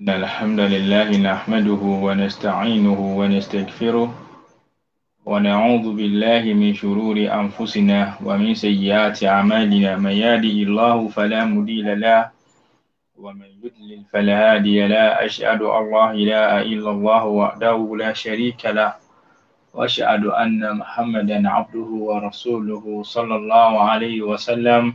إن الحمد لله نحمده ونستعينه ونستغفره ونعوذ بالله من شرور أنفسنا ومن سيئات أعمالنا من يهده الله فلا مضل له ومن يضلل فلا هادي له أشهد أن لا إله إلا الله وحده لا شريك له وأشهد أن محمدا عبده ورسوله صلى الله عليه وسلم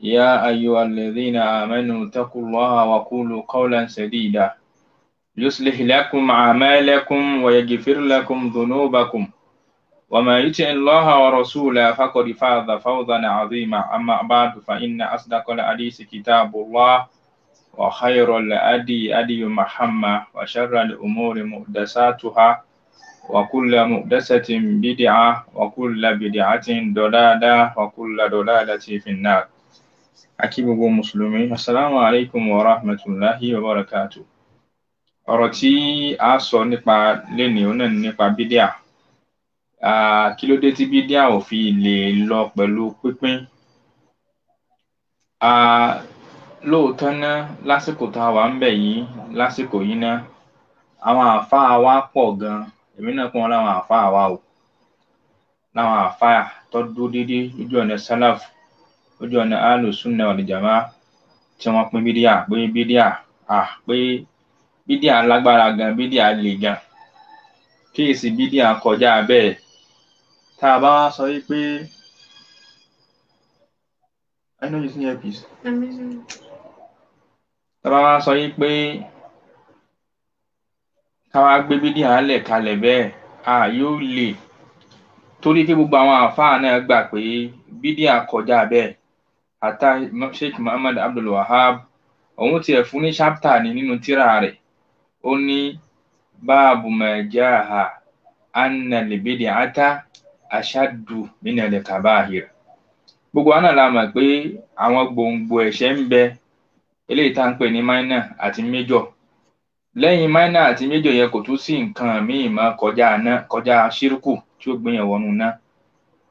يا أيها الذين آمنوا اتقوا الله وقولوا قولا سديدا يصلح لكم أعمالكم ويغفر لكم ذنوبكم وما يطع الله ورسوله فقد فاز فوزا عظيما أما بعد فإن أصدق الحديث كتاب الله وخير الأدي أدي محمد وشر الأمور مقدساتها وكل مقدسة بدعة وكل بدعة ضلالة وكل ضلالة في النار àti gbogbo mùsùlùmí asalaamu alaykum wa rahmatulahi wa barakatu ọ̀rọ̀ tí a sọ nípa lẹ́nìí náà nípa bídíà kí ló dé tí bídíà ò fi lè lọ pẹ̀lú pínpín lóòótọ́ ná lásìkò tá a wà ń bẹ̀ yìí lásìkò yìí ná àwọn àáfàá wa pọ̀ gan èmi náà kún wọn láwọn àáfàá wa o láwọn àáfàá tó dúró déédéé lójú ọ̀nà sálàfù lójú ọ̀nà alùsùnà ọ̀dìjàmá tí wọ́n pín bídíà pé bídíà à pé bídíà lágbára gan bídíà le gan kíyèsí bídíà kọjá bẹ́ẹ̀ tá a bá wá sọ yí pé I know you see here please. tá a bá wá sọ yí pé ká wá gbé bídíà lẹ̀ kalẹ̀ bẹ́ẹ̀ à yóò le torí pé gbogbo àwọn àáfàá náà gbà pé bídíà kọjá bẹ́ẹ̀ ata sheikh muhammad abdul wahab òun tiẹ̀ fún ní ṣápítà ni nínú tírà rẹ̀ ó ní báàbù mẹjáàhà anna libidi ata aṣáàdù nínú ẹ̀dẹ̀ kabahir gbogbo àná la mọ̀ pé àwọn gbòǹgbò ẹ̀ṣẹ̀ ń bẹ eléyìí tá à pè ní minor àti major lẹ́yìn minor àti major yẹn kò tún sí nǹkan míì mọ́ kọjá ná tí ó gbìyànjú wọnú ná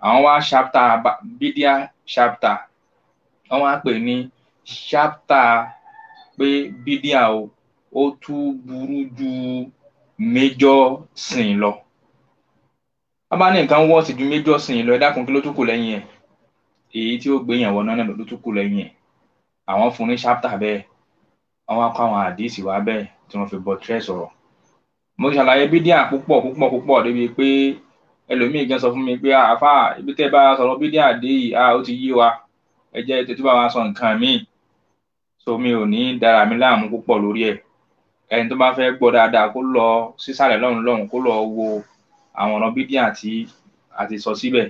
àwọn wá ṣápítà bídíà ṣápítà wọ́n máa ń pè ní ṣáptà pé bídíà o ó tún burú ju méjọ́ sìn lọ wọ́n bá ní nǹkan wọ́ọ̀sì ju méjọ́ sìn lọ ẹ dákun kí ló tún kù lẹ́yìn ẹ̀ èyí tí ó gbé yàn wọnà náà ló tún kù lẹ́yìn ẹ̀ àwọn fún ní ṣáptà bẹ́ẹ̀ wọ́n wá kọ́ àwọn àdíìsì wá bẹ́ẹ̀ tí wọ́n fi bọ́ tírẹ̀ sọ̀rọ̀ mo ṣàlàyé bídíà púpọ̀ púpọ̀ púpọ̀ débi pé ẹlòmíì gan sọ fún mi pé àáfà ibi tẹ́ bá sọ̀rọ̀ bídíà dé yìí ó ti yé wa ẹ jẹ́ tètè bá wa sọ nǹkan míì so mi ò ní dára mi láàmú púpọ̀ lórí ẹ̀ ẹni tó bá fẹ́ gbọ́ dáadáa kó lọ sísàlẹ̀ lọ́run lọ́run kó lọ wo àwọn ọ̀nà bídíà àti àti sọ síbẹ̀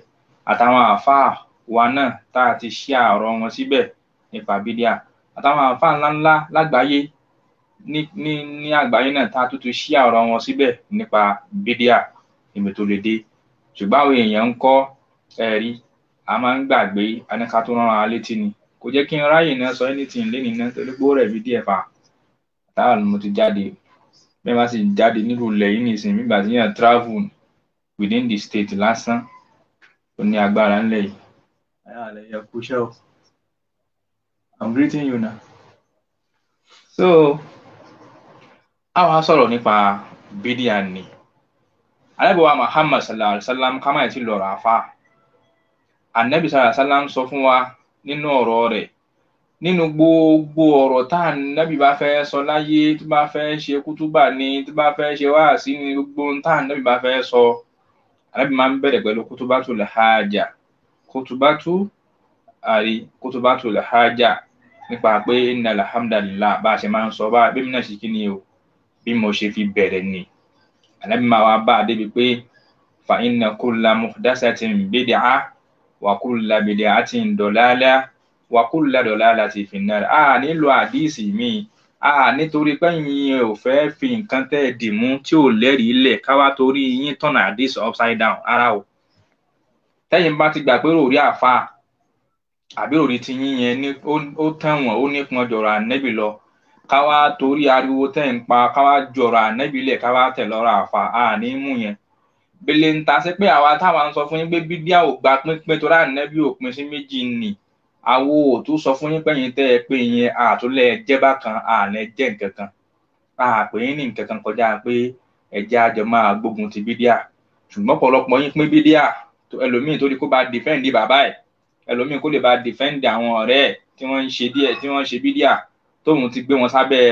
àtàwọn àáfàá wa náà tá a ti ṣí àrọ wọn síbẹ̀ nípa bídíà àtàwọn àáfàá ńláńlá lágbàáyé ní ní ní àgbáyé náà tá a tún ṣí àrọ wọn síbẹ̀ nípa bídíà ìmẹ̀tòlédè ṣùgbọ́n àwọn èèyàn ń kọ́ ẹ̀rí a máa ń gbàgbé aníka tó rán ara létí ni kò jẹ́ kí n ráyè náà sọ anything lé nínú torí pé ó rẹ̀ mí díẹ̀ fà táà ni mo ti jáde bẹ́ẹ̀ má sì jáde nílùú ilẹ̀ yìí nìsín nígbà tí yàn travel within the state lásán ó ní agbára ńlẹ̀ yìí. ayáàlẹ̀ yẹ kú iṣẹ́ o I'm greeting you now. so a wá sọ̀rọ̀ nípa bídíà ni alábọ̀wá Muhammad sallallahu alayhi wa sallam ká má yẹ ti lọ̀rọ̀ àfáà anabi sàlá sàlá ń sọ fún wa nínú ọ̀rọ̀ rẹ̀ nínú gbogbo ọ̀rọ̀ tá anabi bá fẹ́ sọ láyé tó bá fẹ́ ṣe kútúbà ni tó bá fẹ́ ṣe wáàsí ni gbogbo tá anabi bá fẹ́ sọ anabi máa ń bẹ̀rẹ̀ pẹ̀lú kútúbàtù làhájà kútúbàtù àrí kútúbàtù làhájà nípa pé inna alhamdulillah bá a ṣe máa ń sọ bá a bí mi náà ṣe kí ni o bí mo ṣe fi bẹ̀rẹ̀ ni anabi máa wá bá a débi pé fa inna kulla muhdasatin bid'ah wàkúlà bìdẹ àti ndọlálà wàkúlà dọlálà ti fìnnà a nílò àdíìsì míì a nítorí pẹ́yìn ò fẹ́ fi nǹkan tẹ́ ẹ dì mú tí ò lẹ́rìí lẹ̀ káwá torí yín tọ̀nà upside down ara o tẹ́yìn bá ti gbà pé rò rí àfáà àbí òrí ti yín yẹn ní ó tẹ̀wọ̀n ó nípọn jọ̀rọ̀ ànẹ́bì lọ káwá torí ariwo tẹ̀ ń pa káwá jọ̀rọ̀ ànẹ́bì lẹ̀ káwá tẹ̀ lọ́rọ̀ àfa àní mú yẹn bẹ̀lẹ̀ ń ta sí pé àwa táwa ń sọ fún yín pé bídíà ò gba pínpín tó ráàánú bí òpin sí méjì nì àwo ò tún sọ fún yín pé yín tẹ́ ẹ pé yín àtúnlẹ̀ jẹ́ bákan àlẹ́ jẹ́ nǹkan kan àpè yín ní nǹkan kan kọjá pé ẹ̀jẹ̀ àjọ máa gbógun ti bídíà ṣùgbọ́n ọ̀pọ̀lọpọ̀ yín pín bídíà ẹlòmíín tó di kó bá dìfẹ́ǹdì bàbá ẹ̀ ẹlòmíín kó lè bá dìfẹ́ǹdì àwọn ọ̀rẹ́ ẹ̀ tí wọ́n ń ṣe díẹ̀ tí wọ́n ń ṣe bídíà tóun ti gbé wọn sábẹ́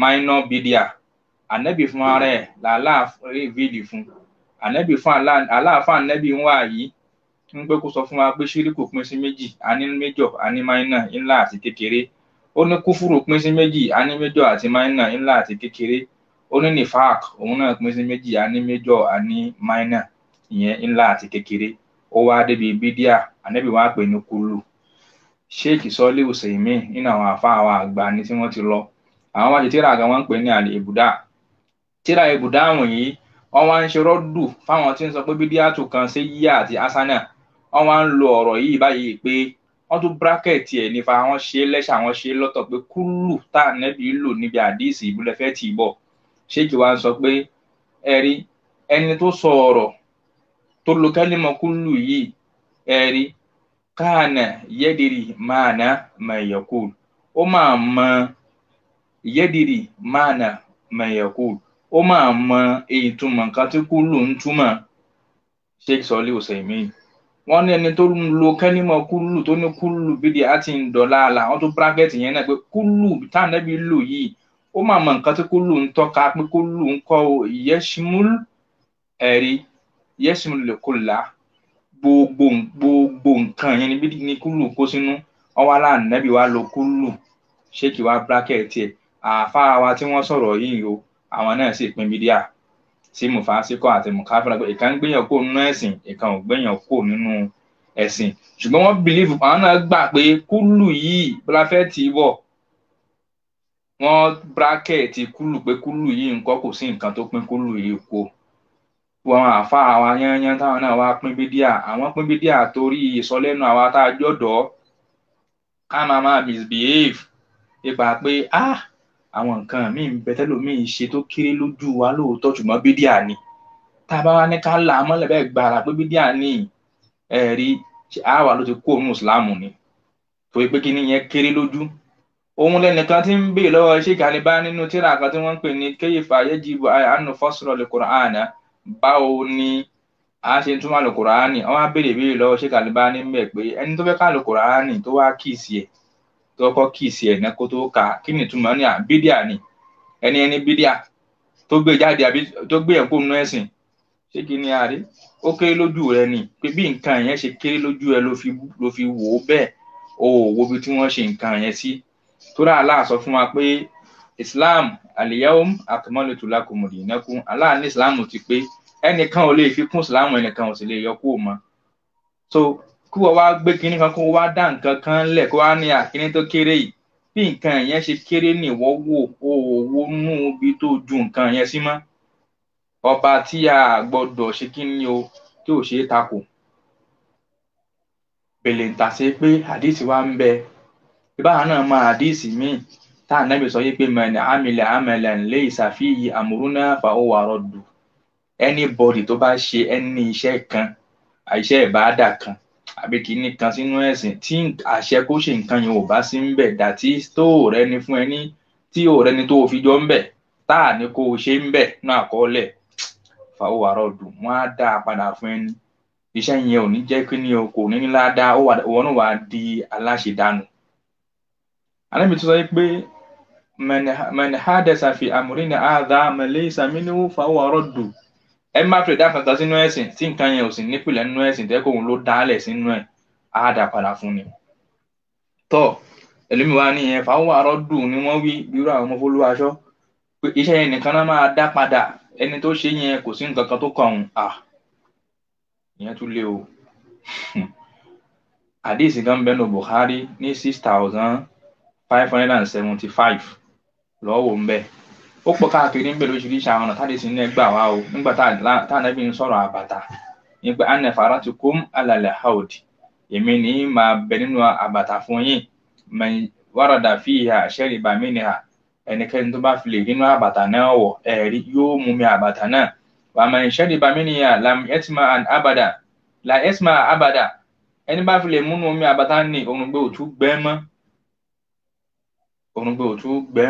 minor bídíà ànẹ́bì fún ara ẹ̀ làálàá fídì fún un ànábì fún aláàfáà ànábì ń wá yìí ń pé kó sọ fún wa pé ṣíríkù pín sí méjì a ní méjọ a ní máínà ńlá àti kékeré ó ní kúfúrú pín sí méjì a ní méjọ àti máínà ńlá àti kékeré ó ní nifaq òun náà pín sí méjì a ní méjọ a máínà ìyẹn ńlá àti kékeré ó wá débi bídíà ànábì wá pè ní kulu sheikh sọlí hùsẹ̀mí nínú àwọn àfáà wa àgbà ni tí wọ́n ti lọ àwọn wájú tíra àgbà wọn ń pè ní àlè ìbùdá tíra ìbùdá wọ̀nyí wọn wá ń ṣe rọdù fáwọn tí ń sọ pé bídíàtù kan ṣe yíyá àti asana wọn wá ń lo ọ̀rọ̀ yìí báyìí pé wọn tún bírákẹtì ẹ nífa wọn ṣe lẹṣà wọn ṣe lọ́tọ̀ pé kúlù tá ànẹbí lò níbi àdíìsì ìbúlẹfẹ tì í bọ ṣéèkì wa ń sọ pé ẹrí ẹni tó sọ ọ̀rọ̀ tó lo kẹlímọ kúlù yìí ẹrí káànà yẹdìrì máàna mẹyẹkùl ó máa mọ yẹdìrì máàna mẹyẹkùl ó máa mọ ìtumọ̀ nǹkan tí kúlù ń túmọ̀ sheikh sọlí ọ̀sẹ̀mí wọ́n ní ẹni tó lo kẹ́nìmọ̀ kúlù tó ní kúlù bídìí àti ìdọ̀láàlà wọ́n tó bracket yẹn náà pé kúlù tànẹ́bí lò yìí ó máa mọ nǹkan tí kúlù ń tọ́ka pé kúlù ń kọ́ yẹ́símúl ẹ̀rí yẹ́símúl lè kó là gbogbo gbogbo nǹkan yẹn ni kúlù kó sínú ọwọ́ aláàánú nẹ́bí wa lo kúlù sheikh wa bracket ẹ̀ àáfàá wa tí wọ́n sọ̀rọ̀ yìí o àwọn náà sì pín bídíà sí mufasikọ àti mukafira pé ìkan gbéyàn kó nínú ẹ̀sìn ìkan ò gbéyàn kó nínú ẹ̀sìn ṣùgbọ́n wọ́n bìlífù àwọn náà gbà pé kúlù yìí bọ́lá fẹ́ tì í bọ̀ wọ́n bírákẹ̀tì kúlù pé kúlù yìí nǹkan kò sí nǹkan tó pín kúlù yìí kó wọn àfa àwa yányán táwọn náà wá pín bídíà àwọn pín bídíà torí ìsọlẹ́nu àwa tá a jọ̀dọ̀ ká máa máa misbehave ipa pé ah àwọn nǹkan míì ń bẹ tẹ́lòmíì ṣe tó kéré lójú wa lóòótọ́ ṣùgbọ́n bídíà ni tá a bá wá ní ká là á mọ́lẹ̀ bẹ́ẹ̀ gbàrà pé bídíà ni ẹ̀rí àwa ló ti kó òun ìsìláàmù ni torí pé kí ni yẹn kéré lójú òun lẹnìkan tí ń bè lọ́wọ́ ṣéèkì àlebá nínú tírà kan tí wọ́n ń pè ní kéyìfà yẹ́jìbù àánú fọ́sọ̀rọ̀ lè kùránà báwo ni a ṣe ń túmọ̀ lè kùránì wọ́n á béèrè ìbéèrè lọ́wọ́ tó kọ́kọ́ kìsì ẹ̀ náà kó tó ka kí ni ìtumọ̀ ní bídíà ni ẹni ẹni bídíà tó gbé jáde àbí tó gbé ẹ̀kọ́ nínú ẹ̀sìn ṣé kí ni àrí ó kéré lójú rẹ ni pé bí nǹkan yẹn ṣe kéré lójú ẹ ló fi wò ó bẹ́ẹ̀ o ò wo ibi tí wọ́n ṣe nǹkan yẹn sí tóra Allah sọ fún wa pé Islam al-yawm akmaltu lakum dinakum Allah ní Islam ti pé ẹnìkan ò lè fi kún Islam ẹnìkan ò sì lè yọ kúrò mọ́ so kó wọ́n wá gbé kínní kan kó wá dá nǹkan kan lẹ̀ kó wá ní àkíní tó kéré yìí bí nǹkan yẹn ṣe kéré ní ìwọ́ wò ó wò nú ibi tó ju nǹkan yẹn sí mọ́ ọba tí a gbọdọ̀ ṣe kínní o tí ò ṣe é takò bèlè ń tàṣe pé àdìsí wa ń bẹ ìbára náà mọ àdìsí míì tá a nábì sọ yìí pé mẹ́ni amílẹ̀ amẹ́lẹ̀ ń lé ìsàfihì àmúrúná fàáwọ̀ dù anybody tó bá ṣe ẹni iṣẹ́ kan àìṣe ìbáàdà kan àbí kìíní kan sínú ẹ̀sìn tí àṣẹ kó ṣe nǹkan yẹn ò bá sí ń bẹ̀ dàtí tó ò rẹ́ni fún ẹni tí ò rẹ́ni tó o fi jọ ń bẹ̀ tá ní kó o ṣe ń bẹ̀ náà àkọọ́lẹ̀ fàáwọ̀ àrọ̀ dùn wọ́n á dá a padà fún ẹni iṣẹ́ yẹn ò ní jẹ́ kí ni o kò ní nílá dá wọn náà wàá di aláṣẹ dànù. alẹ́mi tó sọ pé mẹ̀nìhádẹ́sàfì àmúrínà àdá mẹ̀lẹ́ ìsàmínú fàáwọ̀ àrọ̀ dùn ẹ má fèrè dáhùn kankan sínú ẹ̀sìn tí nǹkan yẹn ò sì nípìnlẹ̀ nínú ẹ̀sìn tẹ́ kóun ló dálẹ̀ sínú ẹ̀ á dà padà fún ni. tọ́ ẹlẹ́mi wa ní ìyẹn fáwọn àárọ̀ dùn ni wọ́n wí bírú àwọn ọmọ fọlúwaṣọ pé iṣẹ́ yẹn nìkan náà máa dá padà ẹni tó ṣe yẹn kò sí nǹkan kan tó kàn ọ́n à ìyẹn tún lé o àdéhìsì kan bẹ́ẹ̀ ní Bukhari ní six thousand five hundred and seventy five lọ́wọ́ ń bẹ́ẹ̀ ó pọ̀ káàkiri níbẹ̀ lóṣìṣì àwọn ọ̀nà táde sí ní ẹgbà wa o nígbà tá ànábì ń sọ̀rọ̀ àbàtà ní pé anna faratukum alalẹ haud èmi ní máa bẹ nínú àbàtà fún yín wàràdà fìhà ṣẹ́rìbà mínìhà ẹnikẹ́ni tó bá fi lè nínú àbàtà náà wọ̀ ẹ̀rí yóò mú mi àbàtà náà wà máa ṣẹ́rìbà mínìhà lam yẹtìmá abada la yẹtìmá abada ẹni bá fi lè múnú omi àbàtà ní òrùngbẹ òtún gbẹ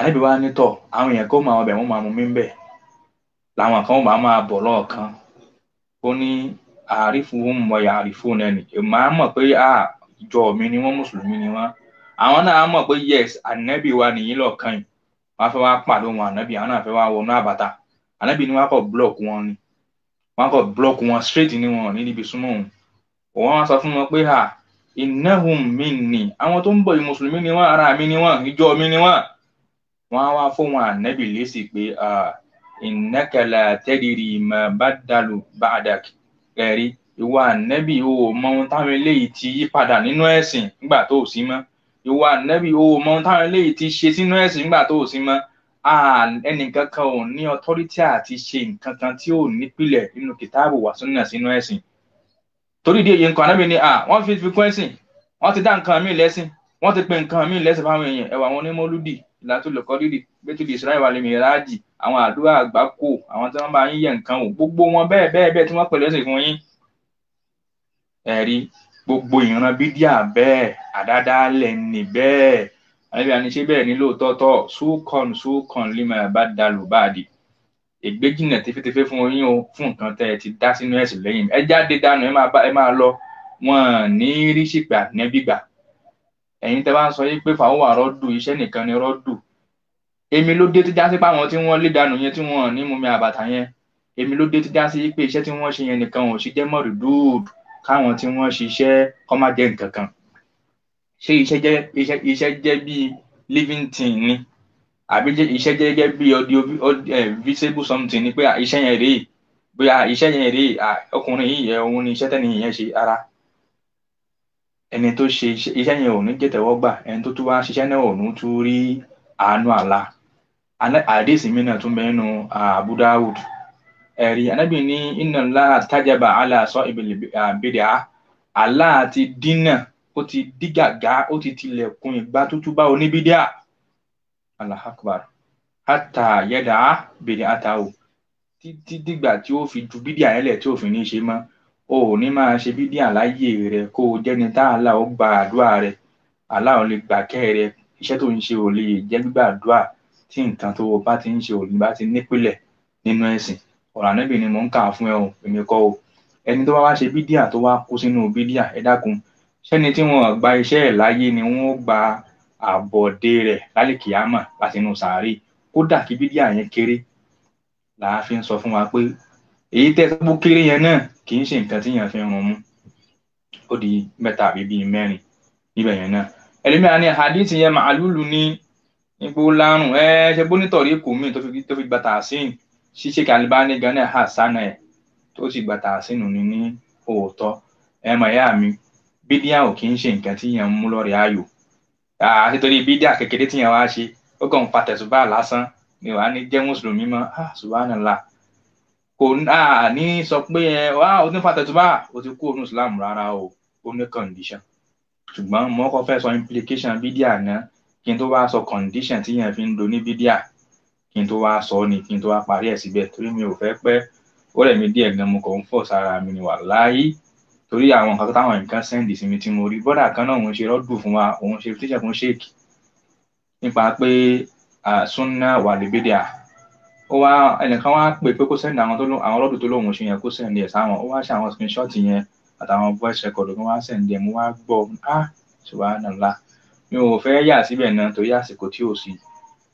ànábì wa ní tọ̀ àwọn èèyàn kó máa ọbẹ̀ wọn máa mú mi ń bẹ̀ làwọn kan bá máa bọ̀ lọ́ọ̀kan ó ní àrífù ń mọ àrífù náà nì màá mọ̀ pé ìjọ mi ni wọ́n mùsùlùmí ni wọ́n àwọn náà mọ̀ pé yes ànábì wa nìyí lọ́ọ̀kan yìí wọ́n fẹ́ wá pàdé wọn ànábì àwọn náà fẹ́ wá wọnú àbàtà ànábì ni wọ́n kọ̀ block wọn ni wọ́n kọ̀ block wọn straight ni wọn ní níbi súnmọ́ òun òun wọ́n sọ fún wọn pé innahum minni àwọn tó ń bọ̀ yìí ni wọ́n ara mi ni wọ́n ìjọ mi ni wọ́n wọ́n á wá fóun ànábì lésì pé ìnákàlà tẹ́rìrì mà bá dàlù bá àdàkì ẹ̀rí ìwọ ànábì o mọ ohun táwọn eléyìí ti yí padà nínú ẹ̀sìn nígbà tó o sí mọ́ ìwọ ànábì o mọ ohun táwọn eléyìí ti ṣe sínú ẹ̀sìn nígbà tó o sí mọ́ ẹnìkan kan ò ní ọtọ́rítì àti ṣe nǹkan kan tí ò nípìlẹ̀ nínú kìtáàbù wà súnà sínú ẹ̀sìn torí ìdí nǹkan ànábì ni wọ́n fi fi kún ẹ̀sìn wọ́n ti dá nǹkan míì lẹ́sìn wọ́n ti pe nǹkan míì lẹ́sìn fáwọn èèyàn ẹ̀wà wọn ní mọ́lúdì ìlàtúlọ̀kọ́dìrì bẹ́tùlì ìṣúra ìwàlẹ̀ mìíràjì àwọn àdúrà àgbákò àwọn tí wọ́n bá yín yẹ nǹkan wò gbogbo wọn bẹ́ẹ̀ bẹ́ẹ̀ bẹ́ẹ̀ tí wọ́n pẹ̀lú ẹ̀sìn fún yín ẹ̀rí gbogbo ìran bídíà bẹ́ẹ̀ àdádálẹ̀ ní bẹ́ẹ̀ àlẹ́bíà ní ṣé bẹ́ẹ̀ ní lóòótọ́tọ́ sókàn sókàn lima bá dalù báàdì ègbé jìnà tẹfẹtẹfẹ fún yín o fún nǹkan tẹ ẹ ti dá sínú ẹ̀sìn lẹ́yìn ẹ jáde dànù ẹ máa lọ wọn ní rí ṣìpà nẹ́bí gbà ẹ̀yin tẹ́ bá ń sọ yìí pé fàwọn wà rọ́dù iṣẹ́ nìkan ni rọ́dù èmi ló dé tí já sí pé àwọn tí wọ́n lé dànù yẹn tí wọ́n ní mumi àbàtà yẹn èmi ló dé tí já sí pé iṣẹ́ tí wọ́n ṣe yẹn nìkan ò sì jẹ́ mọ̀rì dúdú káwọn tí wọ́n ṣiṣẹ́ kọ́ má jẹ́ nǹkan kan ṣé iṣẹ́ jẹ́ iṣẹ́ iṣẹ́ jẹ́ bíi living thing ni àbí iṣẹ́ jẹ́ gẹ́gẹ́ bíi audio eh, visible something ni pé iṣẹ́ yẹn rèé bóyá iṣẹ́ yẹn rèé ọkùnrin yìí yẹ òun ni iṣẹ́ tẹ́nìyẹn ṣe ara ẹni tó ṣe iṣẹ́ yẹn ò ní jẹ̀tẹ̀wọ́gbà ẹni tó tún wá ṣiṣẹ́ náà ò ní tún rí àánú àlá àdéhìsí mi náà tún bẹ nínú Abu Dawud ẹ̀rí anábì ní inna Allaha tajaba ala sahibil bid'ah Allah ti dínà ó ti dí gàgá ó ti tilẹ̀kùn ìgbà tuntun bá oníbídíà Allahu akbar hatta yada'a bid'atahu títí dìgbà tí ó fi ju bídíà yẹn lẹ̀ tí ò fi ní í ṣe mọ́ o ò ní máa ṣe bídíà láyé rẹ kó o jẹ́ni tá Allah ó gba àdúrà rẹ Allah ò lè gbà kẹ́ rẹ iṣẹ́ tó ń ṣe ò lè jẹ́ gbígbàdúrà tí nǹkan tó o bá ti ń ṣe ò ní bá ti nípìnlẹ̀ nínú ẹ̀sìn ọ̀rọ̀ ànábì ni mò ń kà fún ẹ o èmi kọ́ o ẹni tó bá wá ṣe bídíà tó wá kú sínú bídíà ẹ dákun ṣẹ́ni tí wọ́n gba iṣẹ́ ẹ̀ láyé ni wọ́n gba àbọ̀dé rẹ̀ lálìkìyámà láti inú sàárè kódà kí bídíà yẹn kéré là á fi ń sọ fún wa pé èyí tẹ́ sọ́gbó kéré yẹn náà kì í ṣe nǹkan tí èèyàn fi ń run mú ó di mẹ́ta àbí bíi mẹ́rin níbẹ̀ yẹn náà ẹlẹ́mìíràn ni hadith yẹn màálùlù ní ipò lárùn ẹ ṣe bó nítorí kò mí tó fi gba tààsìn ṣíṣe kàlíbá ní gan náà hasana ẹ tó sì gba tààsìn ní ní òótọ́ ẹ mọ̀ ẹ̀yà mi bídíà ò kì í ṣe nǹkan tí èèyàn mú lọ́rẹ̀ ayò àti torí bídíà kékeré tí èèyàn wá ṣe ó kàn ń lásán ni wàá ní jẹ́ mùsùlùmí mọ́ ah, subhanallah kò ní sọ pé ẹ wá onífàtẹ̀tùbá o ti kú ònú Islam rárá o ó ní condition ṣùgbọ́n mo kọ́ fẹ́ sọ implication bídíà náà kí n tó wá sọ condition tí yẹn fi ń do ní bídíà kí n tó wá sọ ni kí n tó wá parí ẹ̀ síbẹ̀ torí mi ò fẹ́ pẹ́ ó rẹ̀ mí díẹ̀ gan mo kàn ń fọ̀ sára mi ni wà láyé torí àwọn nǹkan táwọn nǹkan sẹ́ǹdì sí mi tí mo rí bọ́dà kan náà òun ṣe rọ́dù fún wa òun ṣe tíṣẹ̀ fún ṣéèkì nípa pé sunna wà lébédè à ó wá ẹnìkan wá pè pé kó sẹ́ndì àwọn tó àwọn ọlọ́dún tó lóun ṣe yẹn kó sẹ́ndì ẹ̀ sáwọn ó wá ṣe àwọn screenshot yẹn àtàwọn voice record tó wá sẹ́ndì ẹ̀ mo wá gbọ́ á ṣùgbọ́n àná mi ò fẹ́ yà síbẹ̀ náà torí àsìkò tí ò sí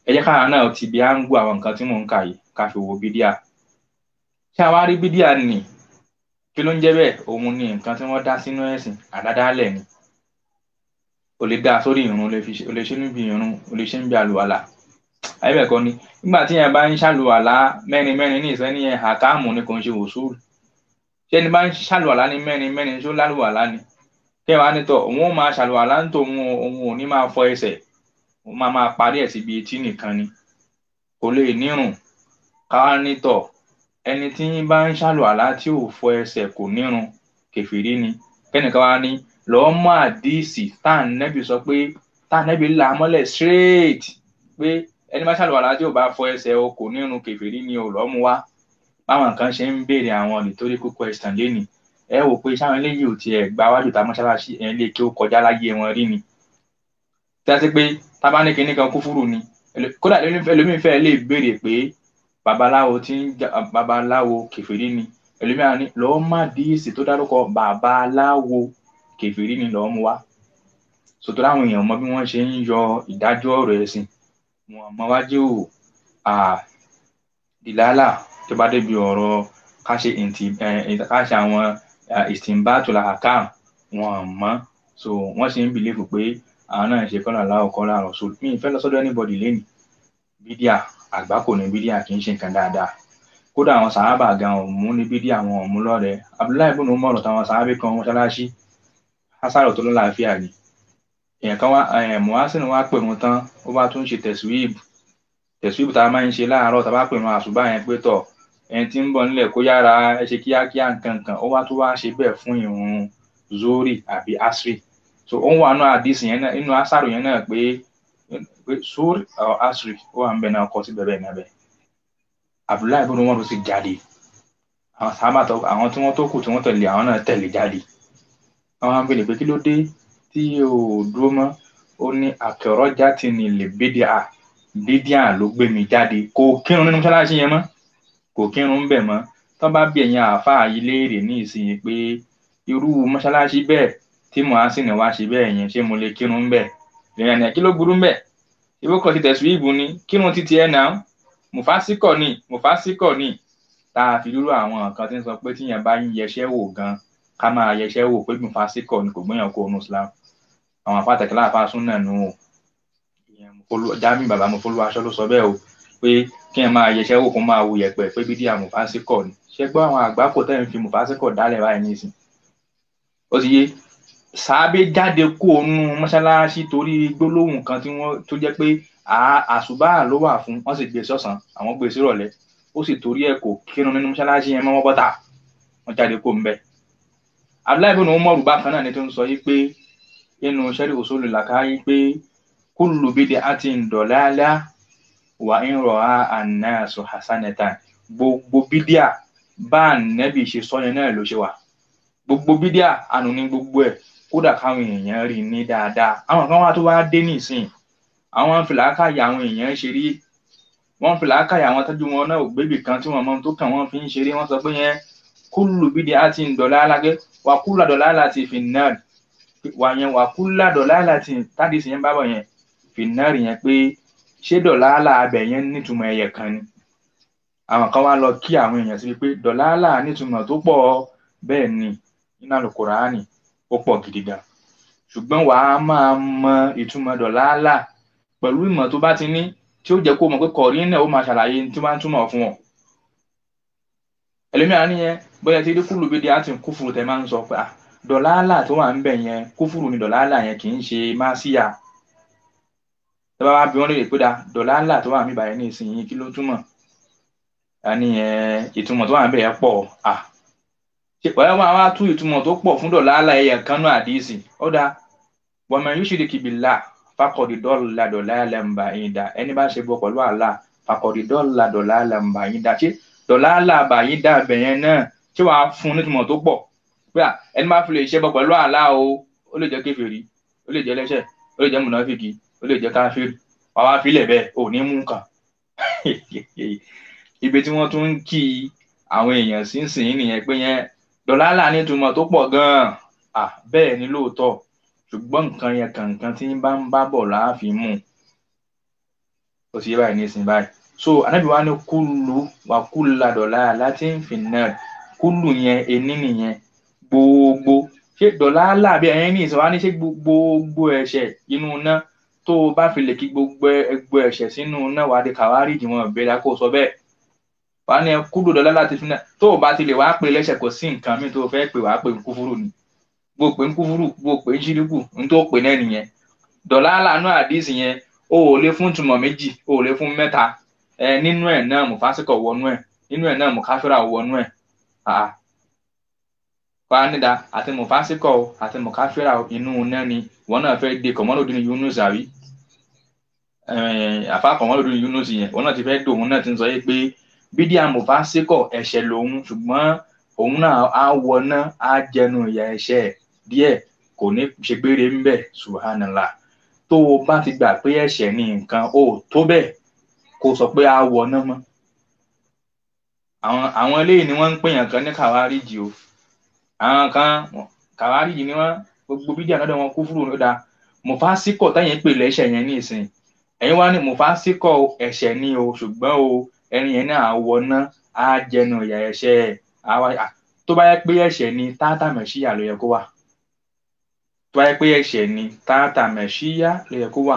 ẹ jẹ́ káwọn náà ti bí áńgù àwọn nǹkan tí mò ń kà yìí ká fi wo bídíà ṣé àwa rí bídíà nì kí ló ń jẹ́ bẹ́ẹ̀ òun ni nǹkan tí wọ́n dá sínú ẹ̀sìn àdádálẹ̀ ni o lè dá sórí ìrun o lè ṣe níbi ìrun o lè ṣe níbi àlùwàlà àyẹ̀bẹ̀kọ́ ni nígbà tí yẹn bá ń ṣàlùwàlá mẹ́rin mẹ́rin ní ìsẹ́ni yẹn àkáàmù ni kò ń ṣe wòsúùlù ṣé ni bá ń ṣàlùwàlá ní mẹ́rin mẹ́rin ṣó lálùwàlá ni kí wàá ní tọ òun ó máa ṣàlùwàlá ń tò òun òun ò ní máa fọ ẹsẹ̀ òun máa máa parí ẹ̀ síbi etí nìkan ni kò lè nírùn káwá ní tọ ẹni tí bá ń ṣàlùwàlá tí ò fọ ẹsẹ̀ kò nírùn kẹfìrí ni kẹ́nìkan wá ní lọ́ọ́ mọ àdìsí tá à ń nẹ́bì sọ pé tá à ń nẹ́bì là á mọ́lẹ̀ straight pé ẹni bá ṣàlùwàlá tí ò bá fọ ẹsẹ̀ o kò ní irun kẹfìrí ni ò lọ́mú wá báwọn kan ṣe ń béèrè àwọn rhetorical question lẹ́nu ẹ wò pé sáwọn eléyìí ò tiẹ̀ gba wájú ta mọ́ṣáláṣí ẹ̀ lè kí ó kọjá láyé wọn rí ni tẹ́tí pé tábánì kìíní kan kúfúrú ni kódà ẹlòmífẹ́ lè béèrè pé babaláwo tí ń babaláwo kẹfìrí ni ẹlòmíà ni lọ́ọ́ má díìsì tó dárúkọ babaláwo kẹfìrí ni lọ́ọ́ mú wá sòtò láwọn èèyàn mọ bí wọ́n ṣe ń yọ ìdájọ́ ọ̀rọ̀ ẹ̀sìn muhamawaju um dilala tó bá débi ọ̀rọ̀ ká ṣe ká ṣe àwọn istinbatul ahkam wọn mọ̀ so wọ́n ṣe ń bìlífù pé àwọn náà ń ṣe kọ́là láwọ̀ kọ́là rasul mi ìfẹ́ lọ sọ́dọ̀ anybody lẹ́nu bídíà àgbákò ní bídíà kì í ṣe nǹkan dáadáa kódà àwọn sàábà gan ọ̀mú ní bídíà àwọn ọ̀mú lọ́rẹ̀ẹ́ abdullahi ibùnú mọ̀rọ̀ táwọn sàábà kan mọ́ṣáláṣí hásàrò tó lọ́la àfíà ni èèyàn kan wá eh, mohassin wá pèrún tán ó bá tún ṣe tẹ̀síwíìbù tẹ̀síwíìbù tá a máa ń ṣe láàárọ̀ tá a bá pèrún àṣùbà yẹn pé tọ̀ ẹni tí ń bọ̀ nílẹ̀ kó yára ẹ ṣe kíákíá nǹkankan ó wá tún wá ṣe bẹ́ẹ̀ fún ìrun zori àbí asri so ó ń wà nínú àdìsí yẹn náà nínú asaro yẹn náà pé pé zori asri ó wà ń bẹ náà kọ sí bẹ́ẹ̀ náà bẹ́ẹ̀ abdullahi ibùdó wọn ló sì jáde àwọn sábà tó àwọn tí wọ́n tó kù tí wọ́n tẹ̀lé àwọn náà tẹ̀lé jáde àwọn á ń pé kí ló dé tí ò dúró mọ́ ó ní àtọ̀rọ̀ jáde ní ilé bídíà bídíà ló gbé mi jáde kò kírun nínú mọ́ṣáláṣí yẹn mọ́ kò kírun ń bẹ̀ mọ́ tó bá bí ẹ̀yin àáfàá yìí léèrè ní ìsinyìí pé irú mọ́ṣáláṣí bẹ́ẹ̀ tí mo á sì ní wá ṣe bẹ́ẹ̀ yẹn ṣé mo lè kírun ń bẹ̀ ìrìn àkí ló burú ń ìwé kan ti tẹ̀sùn ìbò ni kírun ti tiẹ̀ náà mùfásíkọ̀ ni mùfásíkọ̀ ni tá a fi dúró àwọn nǹkan tí ń sọ pé tíyẹn bá ń yẹṣẹ́ wò gan ká máa yẹṣẹ́ wò pé mùfásíkọ̀ ni kò gbóyàn kó onú Islam àwọn àfa àtẹ̀kẹ́lá àfa súnà nù o jami bàbá mo fọlú aṣọ ló sọ bẹ́ẹ̀ o pé kí ẹ máa yẹsẹ́ wò kó máa wo yẹ̀pẹ̀ pé bídí àmùfásíkọ̀ ni ṣé gbọ́ àwọn àgbákò tẹ́ ń fi mùfásíkọ̀ dálẹ̀ báyìí nísìn ó ti yé sàábé jáde kó onú mọ́ṣáláṣí torí gbólóhùn kan tí wọ́n tó jẹ́ pé àṣùbà ló wà fún wọ́n sì gbé e sọ́sàn àwọn gbé e sírọ̀lẹ́ ó sì torí ẹ̀ kò kírun nínú mọ́ṣáláṣí yẹn mọ́ wọ́n bọ́ta wọ́n jáde kó ń bẹ́ẹ̀ abdullahi bin umaru bákan náà ni tó ń sọ yìí pé nínú sẹ́rí òṣòlù làkàyí pé kullu bid'atin dalalah wà ń rọ̀ á ànáàsù hasanatan gbogbo bídíà bá ànẹ́bì ṣe sọ́yẹn náà ló ṣe wà gbogbo bídíà àánú ní gbogbo ẹ̀ kódà káwọn èèyàn rí ní dáadáa àwọn kan wá tó wá dé nísìn àwọn fìlàkàyà àwọn èèyàn ṣe rí wọn fìlàkàyà àwọn tọ́jú wọn náà gbébì kan tí wọn mọ tó kàn wọn fi ń ṣeré wọn sọ pé yẹn kullu bid'atin dalalah wà kullu dalalatin fin nar wà yẹn wà kú ládọ̀ láàlà tí tádìsì yẹn bábọ̀ yẹn fìnnárì yẹn pé ṣé dọ̀láàlà abẹ yẹn nítumọ̀ ẹyẹ kan ni àwọn kan wá lọ kí àwọn èèyàn sí pé dọ̀láàlà nítumọ̀ tó pọ̀ bẹ́ẹ̀ ni nínú àlùkùránì ó pọ̀ gidi gan ṣùgbọ́n wàá máa mọ ìtumọ̀ dọ̀láàlà pẹ̀lú ìmọ̀ tó bá ti ní tí ó jẹ́ kó mọ̀ pé kọ̀rí náà ó máa ṣàlàyé tí wọ́n á túmọ̀ fún ọ ẹlòmíràn nìyẹn bóyá ti rí kúlù bíi di àti kúfùrù tẹ máa ń sọ pé ah, dọ̀làálà tó wà ń bẹ̀ yẹn kúfùrù ni dọ̀làálà yẹn kì í ṣe máṣíyà tọ́ba wa bí wọ́n léèrè pé da dọ̀làálà tó wà ń bíbá yẹn ní ìsinyìí kí ló túmọ̀ ẹni ìtumọ̀ tó wà ń bẹ̀ yẹn pọ̀ à ṣèpẹ́ wọn wá tú ìtumọ̀ tó pọ̀ fún dọ̀làálà ẹ̀yẹ kan náà àdìsí ọ̀dà wọ̀mọ̀ yóò ṣe lè kìbì là fakọ̀dì dọ́ọ̀lá dọ̀làálà ń bà yín dà ẹni bá ṣe bọ pẹ̀lú àlà fakọ̀dì dọ́ọ̀lá dọ̀làálà ń bà yín dà ṣé pé à ẹni máa fi lè ṣe bọ pẹ̀lú àlá o ó lè jẹ́ kèfèrí ó lè jẹ́ lẹ́ṣẹ̀ ó lè jẹ́ mùnàfíkì ó lè jẹ́ káfíìrì wàá wá filẹ̀ bẹ́ẹ̀ ò ní mú kàn ibi tí wọ́n tún ń kí àwọn èèyàn sínsìn nìyẹn pé yẹn dọ̀làlà nítumọ̀ tó pọ̀ gan-an à bẹ́ẹ̀ ni lóòótọ́ ṣùgbọ́n nǹkan yẹn kànkan tí ń bá ń bá bọ̀ láàfin mú ó ti yé báyìí nísìnyí báyìí so anábì wa ní kúlù wà kúlù ladọ̀là láti ń fi náà kúlù yẹn ení nìyẹn gbogbo ṣé dọ̀là láàbí ẹ̀yìn ní ìsọ̀rọ̀ ní ṣé gbogbo ẹ̀ṣẹ̀ inú iná tó o bá fi lè kí gbogbo ẹgbẹ́ ẹ̀ṣẹ̀ sínú iná wàá di kàwárí ìdìwọ̀n ìbéèrè kó o sọ bẹ́ẹ̀ wàá ní kúrò dọ̀là láti fi náà tó o bá ti lè wàá pè lẹ́ṣẹ̀ kò sí nǹkan míì tó o fẹ́ pè wàá pè ń kúfúrú ni bó o pè ń kúfúrú bó o pè ń ṣíríkù ń tó pè náà nìyẹn dọ̀là lànà àdìsí yẹn o ò lè fún túmọ̀ méjì o ò lè fún mẹ́ta ẹ nínú ẹ̀ náà mùfásíkọ̀ wọnú ẹ̀ nínú ẹ̀ náà mùkáfírà wọnú ẹ̀ kwanida àti mufasikọ o àti mukafira o inú náà ni wọn náà fẹ́ de kọmọlódún ní Yunus àbí eh, àfa kọmọlódún ní Yunus yẹn wọn náà ti fẹ́ dò òun náà ti ń sọ yìí pé bídíà mufasikọ ẹ̀ṣẹ̀ lòun ṣùgbọ́n òun náà á wọná á jẹnu ìyà ẹ̀ṣẹ̀ díẹ̀ kò ní ṣe gbére ń bẹ subhanallah tó o bá ti gbà pé ẹ̀ṣẹ̀ ni nǹkan o tó bẹ́ẹ̀ kó sọ pé á wọná mọ́ àwọn eléyìí ni wọ́n ń pèèyàn kan ní kàwáríjì o àwọn kan kàwárí yìí ni wọ́n gbogbo bídíà lọ́dọ̀ wọn kú fúrò lọ́dà mufasíkọ̀ táyẹn ń pè lẹ́ṣẹ̀ yẹn ní ìsìn ẹ̀yin wá ní mufasíkọ̀ ẹ̀ṣẹ̀ ni o ṣùgbọ́n o ẹni yẹn náà wọ ná á jẹnu ìyà ẹ̀ṣẹ̀ tó bá yẹ pé ẹ̀ṣẹ̀ ni tààtà mẹ̀ṣíyà ló yẹ kó wà tó bá yẹ pé ẹ̀ṣẹ̀ ni tààtà mẹ̀ṣíyà ló yẹ kó wà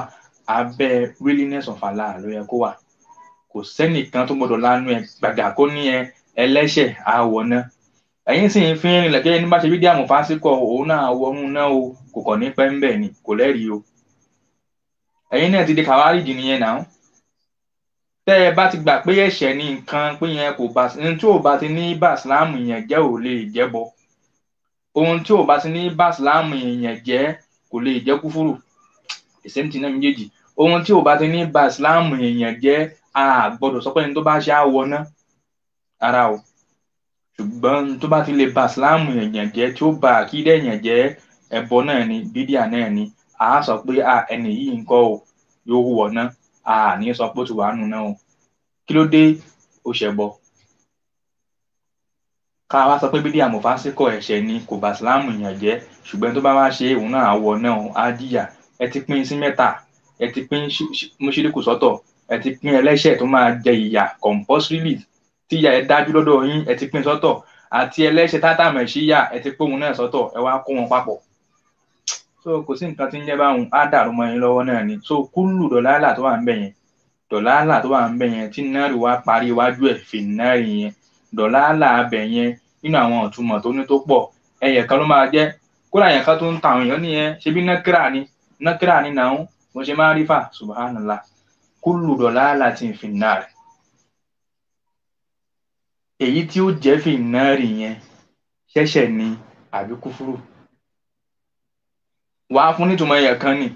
abẹ́ willingness of Allah ló yẹ kó wà kò sẹ́nìkan tó gbọdọ̀ lánú ẹ gbàgà kó ní ẹ ẹlẹ́ṣẹ̀ àwọ̀ náà ẹ̀yin sì ń fi rinlẹ̀ kí ẹni bá ṣe fídíò àmùfáṣíkọ̀ òun náà wọnú náà o kò kàn ní pẹ́ ń bẹ̀ ni kò lẹ́rìí o ẹ̀yin náà ti di kàwáríjì nìyẹn náà tẹ́ ẹ bá ti gbà pé ẹ̀ṣẹ̀ ni nǹkan pé yẹn kò bá ní tí ò bá ti ní bá ìsìláàmù yẹn jẹ́ ò lè jẹ́bọ ohun tí ò bá ti ní bá ìsìláàmù yẹn jẹ́ kò lè jẹ́ kúfúrù ìsẹ́ntì náà méjèèjì ohun tí ò bá ti ní bá ìsìláàmù yẹn jẹ́ a sọ pé ẹni tó bá ṣe àwọ̀ náà ara o ṣùgbọ́n tó bá ti lè ba síláàmù èèyàn jẹ́ tí ó ba àkídẹ́ èèyàn jẹ́ ẹ̀bọ náà ni bídíà náà ni à á sọ pé à ẹni yìí ń kọ́ o yóò wọ̀ ná à ní sọ pé ó ti wà nù náà o kí ló dé ó ṣẹ̀bọ. ká wá sọ pé bídíà mọ̀fásíkọ̀ ẹ̀ṣẹ̀ ni kò ba síláàmù èèyàn jẹ́ ṣùgbọ́n tó bá wá ṣe òun náà àwọ̀ náà á jìyà ẹ ti pín sí mẹ́ta ẹ ti pín mọ́ṣíríkù sọ́tọ̀ ẹ ti pín ẹlẹ́ṣẹ̀ tó máa jẹ ìyà compulsorily tíyà ẹ dájú lọ́dọ̀ yín ẹ ti pín sọ́tọ̀ àti ẹlẹ́ṣẹ̀ tátàmọ ìṣíyà ẹ ti pín òun náà sọ́tọ̀ ẹ wá kó wọn papọ̀ so kò sí nǹkan tí ń jẹ́ báwọn á dàrú mọ́ yín lọ́wọ́ náà ni so kúlù dọ̀làlà tó wà ń bẹ̀ yẹn dọ̀làlà tó wà ń bẹ̀ yẹn tí náírà wá parí iwájú ẹ̀ fi náírà yẹn dọ̀làlà abẹ̀ yẹn nínú àwọn ìtumọ̀ tó ní tó pọ̀ ẹ̀yẹ̀ kan ló máa jẹ́ kódà yẹn kan tó ń ta àwọn èèyàn nìyẹn ṣe bí nákírà ni nákírà ni nàá mo ṣe máa rí fà subhanallah kúlù dọ̀làlà ti fi náírà èyí tí ó jẹ́ fìnnárì yẹn ṣẹ́ṣẹ̀ ni àbí kúfúrú wàá fún nítumọ̀ ẹ̀yà kan ni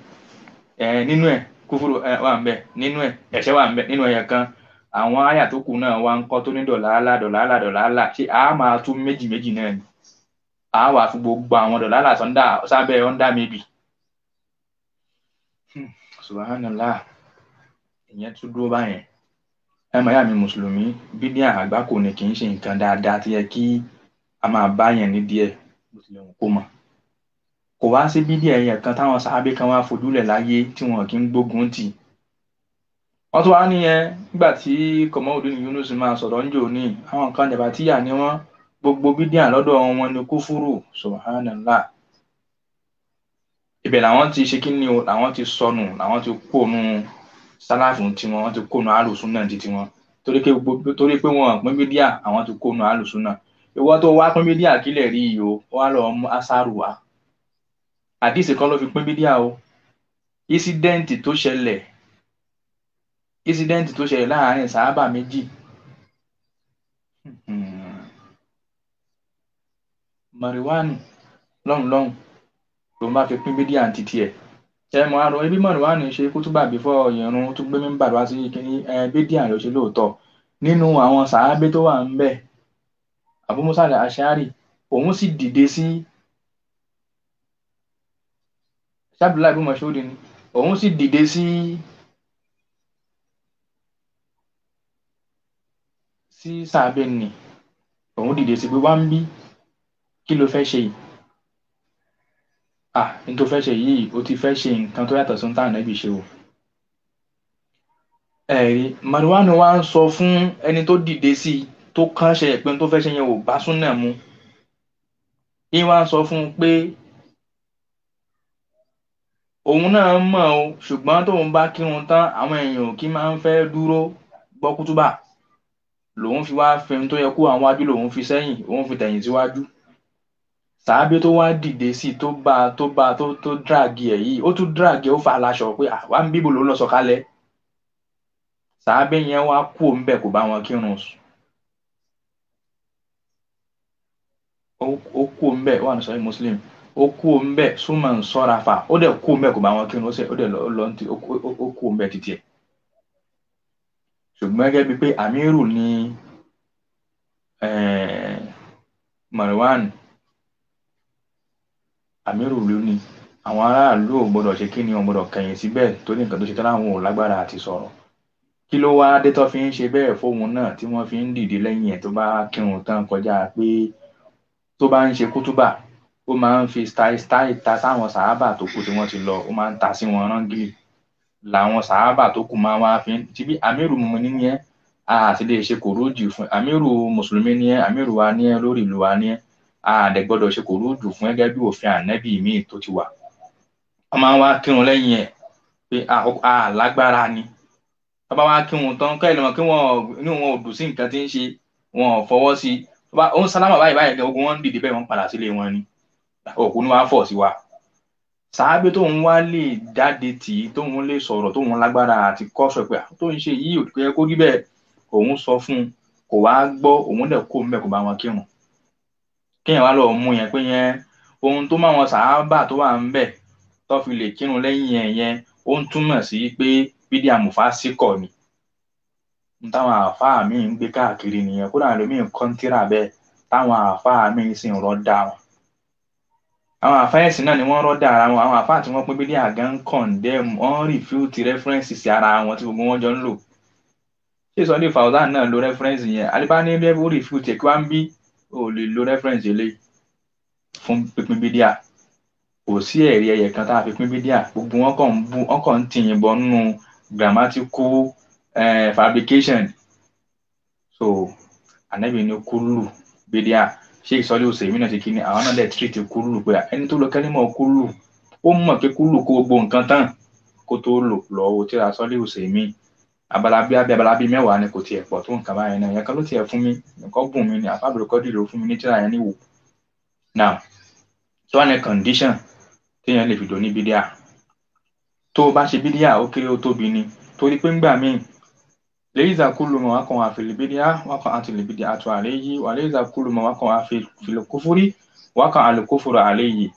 nínú ẹ̀ kúfúrú wà ń bẹ̀ nínú ẹ̀ ẹ̀ṣẹ̀ wà ń bẹ̀ nínú ẹ̀yà kan àwọn àyà tó kù náà wá ń kọ́ tó ní dọ̀làálà dọ̀làálà dọ̀làálà ṣé a máa tún méjì méjì náà ni a wà fún gbogbo àwọn dọ̀làálà sọ́ndà sábẹ́ ọ̀ndà méjì hmm, subhanallah ìyẹn tún dúró báyẹn ẹ mọ̀ yá mi mùsùlùmí bídíà àgbákò ni kì í ṣe nǹkan dáadáa tí yẹ kí a máa bá yẹn ní díẹ̀ bó tilẹ̀ wù kó mọ̀ kò wá sí bídíà yẹn kan táwọn sáábé kan wá fojúlẹ̀ láyé tí wọn kì í gbógun tì wọ́n tún wá nìyẹn nígbà tí Komorudeen Yunus máa sọ̀rọ̀ ń jò ní àwọn kan jàmbá tíyà ni wọ́n gbogbo bídíà lọ́dọ̀ wọn ni kúfúrú subhanallah ibẹ̀ làwọn ti ṣe kí ni o làwọn ti sọnù làwọn ti kó nu sálàfù tí wọn ti kónu àlùsùn náà ti tiwọn torí pé gbogbo torí pé wọn pín bídíà àwọn ti kónu àlùsùn náà ìwọ tó wá pín bídíà kílẹ̀ rí yìí o wá lọ mú asaru wa àdìsí kan ló fi pín bídíà o ìsidẹ́ǹtì tó ṣẹlẹ̀ ìsidẹ́ǹtì tó ṣẹlẹ̀ láàárín sàábà méjì mariwani lọ́hùn ló má fi pín bídíà àǹtí tiẹ̀ ṣé mo á rò ẹbí mọ̀rún wà ní ṣe kútúbà bífọ́ ìrun tó gbé mímbà wá sí kínní ẹ bídíà ló ṣe lóòótọ́ nínú àwọn sàábé tó wà ń bẹ̀ Abu Musa al-Ash'ari òun sì dìde sí sábìlá ibùmọ̀ ṣóòdì ni òun sì dìde sí sí sàábé ni òun dìde sí pé wá ń bí kí ló fẹ́ ṣe yìí ah n tó fẹ́ ṣe yìí ó ti fẹ́ ṣe nǹkan tó yàtọ̀ sí táwọn ẹbí ṣe o. ẹ̀rí Marwan wa ń sọ fún ẹni tó dìde sí i tó kàn ṣe pé n tó fẹ́ ṣe yẹn ò bá súnà mu yín wá ń sọ fún un pé òun náà mọ̀ o ṣùgbọ́n tóun bá kírun tán àwọn èèyàn kì máa ń fẹ́ dúró gbọ́ lòun fi wá fi ohun tó yẹ kó àwọn wájú lòun fi sẹ́yìn òun fi tẹ̀yìn síwájú. Si Sàábí tó wá dìde sí tó bá tó bá tó tó dráàgì ẹ̀ yìí ó tún dráàgì ó fa aláṣọ pé àwa ah, ń bíbò ló ń lọ sọ̀kalẹ̀ sàábí yẹn wá kú òun bẹ̀ kó bá wọn kírun sùn ó kú òun bẹ̀ wà ní sọ́yìn Muslim ó kú ń fà ó kú wọn kírun ó lọ ntí ó kú títí bíi Amiru ni eh, ámírù ló ní àwọn aráàlú ò gbọdọ̀ ṣe kíni ò gbọdọ̀ kẹ̀yìn síbẹ̀ torí nǹkan tó ṣe tán láwọn ò lágbára àti sọ̀rọ̀ kí ló wáá dé tó fi ń ṣe bẹ́ẹ̀ fóun náà tí wọ́n fi ń dìde lẹ́yìn ẹ̀ tó bá kírun tán kọjá pé tó bá ń ṣe kútúbà ó máa ń fi stáìstáì ta sáwọn sàábà tó kù tí wọ́n ti lọ ó máa ń ta sí wọn rángìlì làwọn sàábà tó kù máa wá fi ń tibí amírù mọ̀mọ́ nìyẹn a àti lè ṣe kòrójì fún amírù mùsùlùmí nìyẹn amírù wa nìyẹn lórí ìlú wa nìyẹn àdẹ gbọ́dọ̀ ṣe kòrúdù fún gẹ́gẹ́ bí òfin ànẹ́bì míì tó ti wà wọ́n máa ń wá kírun lẹ́yìn ẹ̀ pé àlágbára ni wọ́n bá wá kírun tán kẹ́lẹ́ mọ̀ kí wọ́n ní wọn ò dùn sí nǹkan tí ń ṣe wọn ò fọwọ́ sí ó ń sálámà báyìí báyìí ogun wọn ń dìde bẹ́ẹ̀ wọ́n padà sílé wọn ni òkú ni wọ́n á fọ̀ sí wa sàábé tóun wá lè jáde tì í tóun lè sọ̀rọ̀ tóun lágbára àti kọ́sọ̀ pé tó ń ṣe yìí òkè kó rí bẹ́ẹ̀ òun sọ fún un kò wá gbọ́ òun dẹ̀ kó mẹ́kò bá wọn kírun kéèyàn wá lọ mú yẹn pé yẹn ohun tó wọn sàábà tó wà ń bẹ̀ tó fi lè lẹ́yìn yẹn yẹn ó ń sí pé bídí kọ ni n táwọn àáfàá mi ń gbé káàkiri nìyẹn kódà lómi kọ́ńtírà bẹ́ẹ̀ táwọn àáfàá mi sì ń rọ́dà wọn àwọn àáfàá ni wọ́n rọ́dà ara wọn àwọn àáfàá tí wọ́n pín bídí àgán wọ́n ara wọn tí gbogbo wọn jọ ń lò ṣé lo yẹn bẹ́ẹ̀ kí o lè lo reference eléyìí fún pínpín bídíà kò sí ẹ̀rí ẹyẹ kan tá a fi pín bídíà gbogbo wọn kàn ń bú wọn kàn ń tìyìn bọ nínú grammatical eh, fabrication so anabi ni kúlù bídíà ṣé ìsọlẹ̀ òsè mí náà ṣe kíni àwọn náà lè treat kúlù pé ẹni tó lọ kẹ́lẹ́mọ̀ kúlù ó mọ̀ pé kúlù kó gbogbo nǹkan tán kó tó lò lọ́wọ́ tí a sọlẹ̀ òsè mí abala bí abẹ́ abala bíi mẹ́wàá ni kò tiẹ̀ pọ̀ tó nǹkan báyẹn náà ìyẹn kan ló tiẹ̀ fún mi nǹkan bùn mí ni àfábìrì kọ́ dìrò fún mi ní tíra yẹn níwò now tó wà ní condition téèyàn lè fi dò ní bídíà tó o bá ṣe bídíà ó kéré ó tóbi ni torí pé ńgbà míì léyìíza kúlù mọ̀ wá kan wà fìlì bídíà wá kan àti lè bídíà àtọ̀ àlẹ́ yìí wà léyìíza kúlù mọ̀ wá kan wà fìlì kófúrí wá kan àlùkófòrò àlẹ́ yìí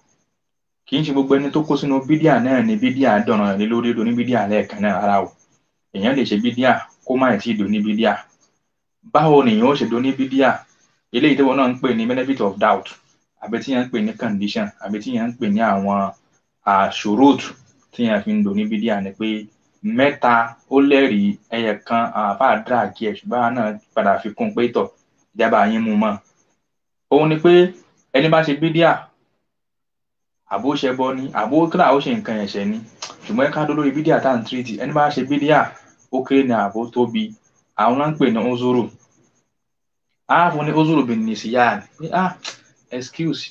kì í ṣe gbogbo ẹni tó kó sínú bídíà náà ni bídíà dọ̀ràn lé lórí lóní bídíà lẹ́ẹ̀kan náà rárá o èèyàn lè ṣe bídíà kó má tí ì do ní bídíà báwo nìyẹn ó ṣe do ní bídíà eléyìí tí wọn náà ń pè ní benefit of doubt àbí tí yẹn ń pè ní condition àbí tí yẹn ń pè ní àwọn àṣòròt tí yẹn fi ń do ní bídíà ni pé mẹ́ta ó lẹ́rìí ẹyẹ kan àbá àdúràgì ẹ̀ ṣùgbọ́n àwọn náà padà fi kún un pé tọ̀ ìjábá yín mú mọ́ òun ni pé ẹni bá ṣe bídíà àbó ṣẹbọ ni àbó kíláà ó ṣe nǹkan ẹ̀ṣẹ̀ ni ṣùgbọ́n ká dó lórí bídíà tá à ń tírìtì ẹni bá ṣe bídíà ó kéré ní ààbò tóbi àwọn náà ń ozuru. ní uzuru ààbò ní uzuru bin nisiyan pé ah excuse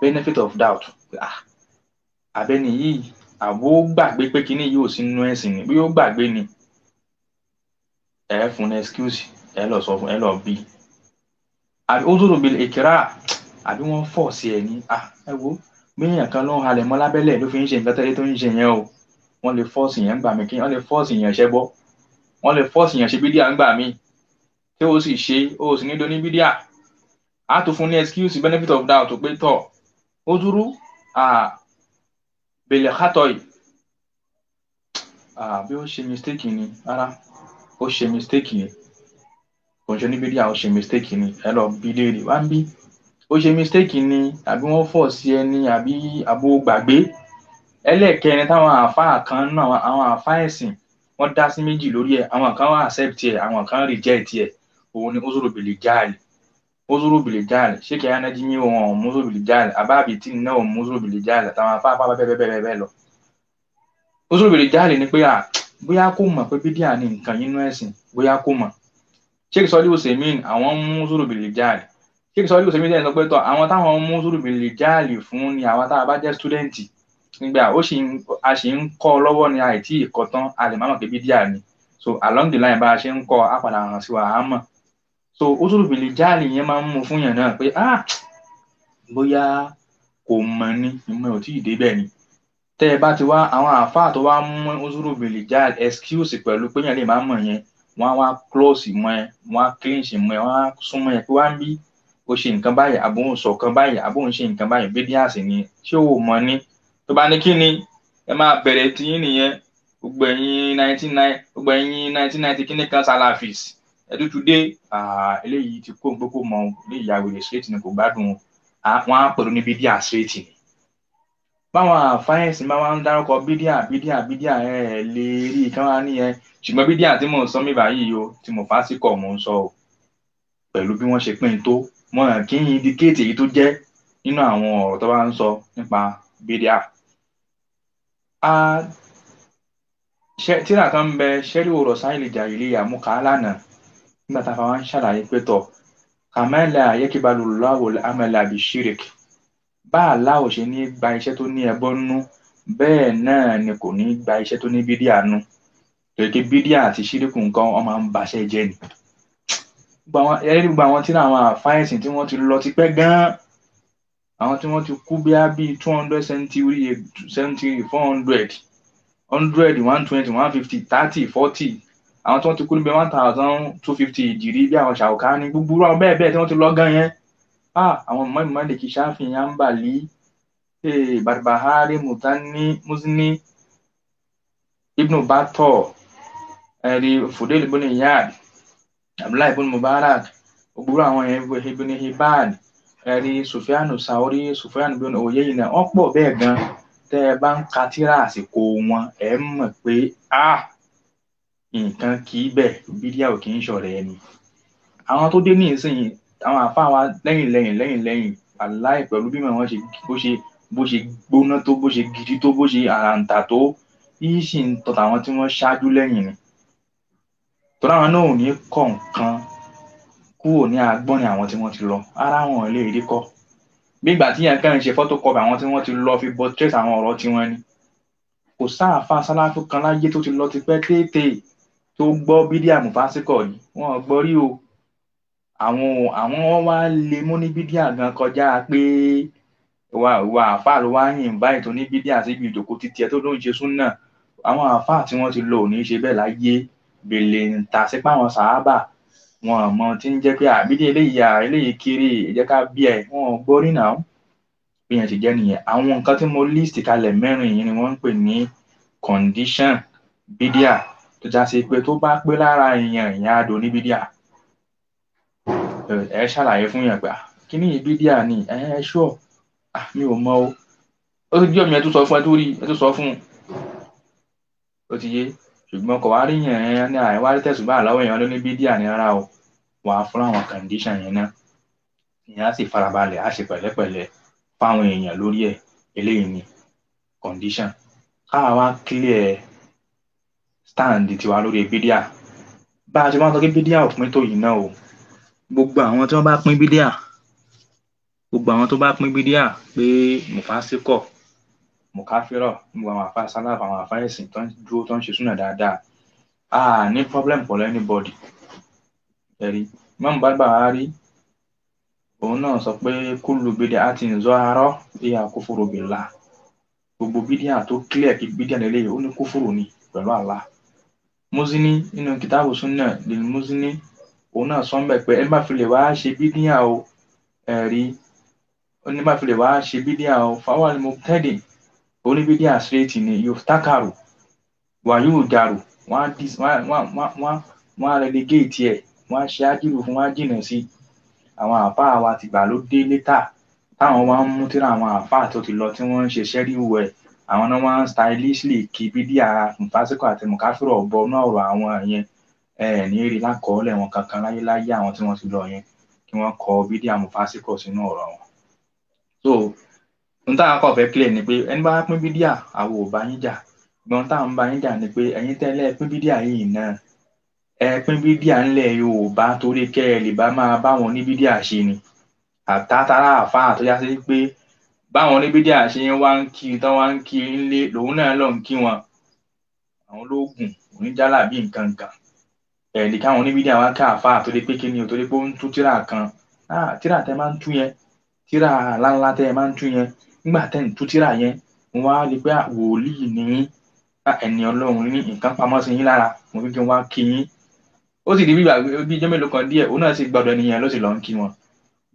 benefit of doubt ah abẹ́ni yìí àbó gbàgbé pé kíní yìí ò sí nínú ẹ̀sìn ni bí ó gbàgbé ni ẹ fún ní excuse ẹ lọ sọ fún ẹ lọ bí àbí uzuru bil ikra àbí wọ́n fọ̀ sí ẹ ní ah ẹ wo míyàn kan ló ń halẹ̀ mọ́ lábẹ́lẹ̀ ló fi ń ṣe nǹkan tẹ́lẹ̀ tó ń ṣe yẹn o wọ́n lè fọ́ọ̀sì yẹn gbà mí kí wọ́n lè fọ́ọ̀sì yẹn ṣẹ́gbọ́ wọ́n lè fọ́ọ̀sì yàn ṣe bídíà ńgbà míì tí ó sì ṣe ó sì ní dóní bídíà a tó fún ní excuse benefit of doubt pé tọ̀ ó dúró bèlè kátọ̀ yìí bí ó ṣe mistake ni rárá ó ṣe mistake ni kò ṣe ní bídíà ó ṣe mistake ni ẹ lọ bí léèrè wá ń bí ó ṣe mistake ni àbí wọ́n fọ̀ sí ẹni àbí àbò gbàgbé ẹlẹ́ẹ̀kẹrin táwọn àáfàá kan náà àwọn àáfàá ẹ̀sìn wọ́n dá sí méjì lórí ẹ̀ àwọn kan wá accept ẹ̀ àwọn kan reject ẹ̀ òun ni ozorobele jaali ozorobele jaali ṣéke anaji mi wọn ò mú ozorobele jaali abáàbí tí náà ò mú ozorobele jaali àtàwọn afáfá bẹ́ẹ̀bẹ́ẹ̀bẹ́ẹ̀ lọ ozorobele jaali ni pé à bóyá kò mọ̀ pé bídíà ni nǹkan yín nú ẹ̀sìn bóyá kò mọ̀ ṣéke sọ́ọ́lì òsèmín àwọn mú ozorobele jaali ṣéke sọ́ọ́lì òsèmín sọ pé tọ́ àwọn táwọn mú ozorobele jaali fún ni àwọn tá bá jẹ́ stúdẹ́ǹtì nígbà ó sì ń a sì ń kọ́ lọ́wọ́ ni àìtí ìkọ́ tán a lè má mọ̀ pé bídíà ni so along the line bá a ṣe ń kọ́ a padà hàn sí wa a mọ̀ so ó tún lùbìlì jáàlì yẹn máa ń mú fún yàn náà pé ah bóyá kò mọ̀ ni ìmọ̀ ò tí ì débẹ̀ ni tẹ́ ẹ bá ti wá àwọn àáfàá tó wá mú ozuru bilijal excuse pẹ̀lú pé yẹn lè má mọ̀ yẹn wọ́n á wá close mọ́ ẹ wọ́n á clinch mọ́ ẹ wọ́n á súnmọ́ ẹ pé wá ń bí o ṣe nǹkan báyìí àbò ń báyìí àbò ṣe nǹkan báyìí bídíàsì ni ṣé o mọ̀ ni tó bá ní kí ni ẹ máa bẹ̀rẹ̀ tiyín nìyẹn gbogbo ẹ̀yin nineteen nine kan salafis ẹtútù dé eléyìí ti kó gbogbo mọ eléyìí ya wèrè ṣéètì ni kò gbádùn wọn á pẹ̀lú ní bídíà ṣéètì ni báwọn àfáyẹ̀sì máa ń dárúkọ bídíà bídíà bídíà ẹ ẹ lè rí i kán wá nìyẹn ṣùgbọ́n bídíà tí mò ń sọ mí báyìí o tí mo fásikọ̀ mò ń sọ o pẹ̀lú bí wọ́n ṣe pín in tó mọ̀ràn kí n indicate èyí tó jẹ́ nínú àwọn ọ̀rọ̀ tó bá ń sọ nípa bídíà a ṣe tíra kan ń bẹ ṣẹ́rí òrò sáìlì jàìlì àmúkà lánàá nígbà tá a fa wá ń ṣàlàyé pé tọ̀ kàmẹ́là ayékibalu lọ́wọ́ amẹ́là bíi shirik bá a láwọ̀ ṣe ní gba iṣẹ́ tó ní ẹbọ nú bẹ́ẹ̀ náà ni kò ní gba iṣẹ́ tó ní bídíà nú kèké bídíà àti shiriku nǹkan ọmọ ń baṣẹ́ jẹ́ ni. gbogbo àwọn tíra àwọn àfáìsìn tí wọ́n ti lọ ti pẹ́ gan àwọn tí wọ́n ti kú bí á bíi two hundred century century four hundred hundred one twenty one fifty thirty forty àwọn tí wọ́n ti kú níbi one thousand two fifty ìjìrí bí àwọn ṣàwùká ní gbogbo àwọn bẹ́ẹ̀ bẹ́ẹ̀ tí wọ́n ti lọ́gán yẹn ah, àwọn mọ́ ìmọ̀ lè kí ṣáfihàn eh, ń bà lí barbahari mutani muzni ibnu bato ẹ̀rí fudel ibn iyad abdullahi ibn mubarak gbogbo àwọn yẹn ibn hibad ẹ̀rí sùfíànù sàórí sùfíànù bínú òye yìí náà wọ́n pọ̀ bẹ́ẹ̀ gan tẹ́ ẹ bá ń ka tíra àsìkò wọn ẹ mọ̀ pé a ah, nǹkan kì í bẹ̀ bídíà ò kì í ṣọ̀rẹ́ ẹni àwọn tó dé ní ìsinyìí àwọn àfáà wa lẹ́yìn lẹ́yìn lẹ́yìn lẹ́yìn aláì pẹ̀lú bímọ wọn ṣe bó ṣe bó ṣe gbóná tó bó ṣe gidi tó bó ṣe àràǹtà tó yìí sì ń tọ́ta àwọn tí wọ́n ṣáájú lẹ́yìn ni tọ́lá àwọn náà ò ní kọ̀ọ̀kan kúrò ní agbọ́nrin àwọn tí wọ́n ti lọ ara wọn lè rí kọ́ gbígbà tí yẹn kẹrin ṣe fọ́tò kọ́bà àwọn tí wọ́n ti lọ fi bọ trace àwọn ọ̀rọ̀ tiwọn ni kò sáàfà sáláfù kan láyé tó ti lọ ti pẹ́ tètè tó gbọ́ bídíà mùfásíkọ̀ yìí wọ́n gbọ́ rí o àwọn àwọn wá lè mú ní bídíà gan kọjá pé wà wà àfáà ló wá yìn báyìí tó ní bídíà síbi ìjòkó títí ẹ tó ló ń ṣe súnà àwọn àfáà tí wọ́n ti lọ ò ní ṣe bẹ́ẹ̀ láyé bèlè ń ta sípà àwọn sàábà wọn àmọ́ tí ń jẹ́ pé àbídé eléyìí à eléyìí kiri ìjẹ́ ká bí ẹ wọn ò gbórí náà bí yẹn ti jẹ́ nìyẹn àwọn nǹkan tí mo list kalẹ̀ mẹ́rin yìí ni wọ́n ń pè ní condition bídíà tó já sí pé tó bá pé lára èèyàn èèyàn adò ní bídíà ẹ ṣàlàyé fún yàn gbà kí ni bídíà ni ẹ ẹ ṣọ mi ò mọ o ó ti jẹ́ mi ẹ tó sọ fún ẹ tó rí ẹ tó sọ fún un ó ti yé ṣùgbọ́n kò wá rí yàn yẹn ní àyè wá rí tẹ̀sùn báà lọ́wọ́ èèyàn ló ní bídíà ní rárá o wàá fún àwọn kàndíṣàn yẹn náà ìyẹn á sì farabalẹ̀ á ṣe pẹ̀lẹ́pẹ̀lẹ́ fáwọn èèyàn lórí ẹ̀ eléyìí ni condition káwa wá clear stand tiwa lórí bídíà bá a ṣe máa ń sọ pé bídíà ò pín tó yìí náà o gbogbo àwọn tí wọ́n bá pín bídíà gbogbo àwọn tó bá pín bídíà pé mùfásíkọ̀ mukafirọ gbogbo àwọn àfa sálàf àwọn àfa ẹ̀sìn tó ń dúró tó ń ṣe súnà dáadáa a problem for anybody ẹ̀rí mọ́mú bàbá wa rí òun náà sọ pé kúlù bídíà á ti ń zọ arọ́ ìyá kófòrò bìlà gbogbo bídíà tó clear kí bídíà lélẹ́yìí ó ní kófòrò ni pẹ̀lú àlá muzini nínú kìtàbù súnà lè muzini òun náà sọ ń bẹ̀ pé ẹ má fi lè wá ṣe bídíà o ẹ̀rí ẹ má fi lè wá ṣe bídíà o fáwọn àlùmọ́ tẹ́dìn oníbídí àṣírẹ́tì ni yóò tákàrò wà yóò dàrò wọ́n á relegate ẹ̀ wọ́n á ṣe ájírò fún wọ́n á jìnà sí àwọn àáfàá wa tìgbà ló dé létà táwọn wá ń mú tíra àwọn àáfàá tó ti lọ tí wọ́n ń ṣe ṣẹ́ríwò ẹ̀ àwọn náà wọ́n stylishly kí bídíà mufasiko àti mukafiro bọ náà ọ̀rọ̀ àwọn yẹn ẹ̀ ní rí lákọọ́lẹ̀ wọn kankan láyéláyé àwọn tí wọ́n ti lọ yẹn kí wọ́n kọ bídíà mufasiko sínú ọ̀rọ̀ wọn. so n táwọn akọ fẹ́ clear ni pé ẹni bá pín bídíà àwọn ò bá yín jà gbọ́n táwọn bá yín jà ni pé ẹ̀yin tẹ́lẹ̀ pín bídíà yìí náà ẹ pín bídíà ńlẹ̀ Yorùbá torí kẹ́ ẹ lè bá máa báwọn ní bídíà ṣe ni àtàtàrà àfáà tó yá sí pé báwọn ní bídíà ṣe ń wá ń kí tán wá ń kí ńlé lòun náà lọ ń kí wọn àwọn lóògùn oníjàlá bíi nǹkan kan ẹ̀ẹ́dì káwọn oníbídíà wá ká àfáà torí pé kí ni o torí pé ó ń tú tíra kan ah, tíra tẹ máa ń tú yẹn tíra ńláńlá tẹ máa ń tú yẹn nígbà tẹ́ ń tíra yẹn mo wá rí i pé wòlíì ní ẹni ọlọ́run ní nǹkan pamọ́ sí yín lára mo fi kí n wá kí yín ó sì di bíbà bí ijọ́ mélòó kan díẹ̀ òun náà sì gbọ́dọ̀ nìyẹn ló sì lọ́ọ́ kí wọn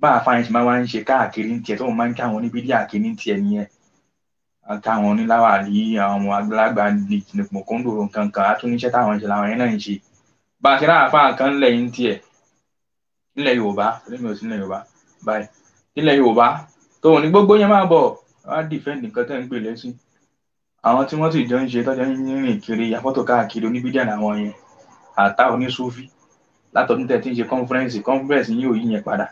bá àfààní tí máa wá ń ṣe káàkiri ń tiẹ̀ tóun máa ń kí àwọn oníbídí àkíní tiẹ̀ nìyẹn táwọn oníláwà rí àwọn ọmọ àgbàlagbà nìpọ̀ kóńdò nǹkan kan atúníṣẹ́ táwọn ń ṣe yẹn náà ń ṣe bá a ṣe ráà fáà kan ńlẹ̀ yín tiẹ̀ nílẹ̀ Yorùbá nílẹ̀ Yorùbá báyìí nílẹ̀ Yorùbá tòun ní gbogbo yẹn máa bọ̀ á dìfẹ́ǹdì nǹkan tẹ́ ń gbè lẹ́sìn àwọn tí wọ́n sì jọ ń ṣe tọ́jà ń kiri afọ́tò káàkiri oníbídíà làwọn yẹn àtà oníṣòfì látọdún tẹ̀ tí ń ṣe kọ́nfúrẹ́ǹsì kọ́nfúrẹ́ǹsì yìí ò yí yẹn padà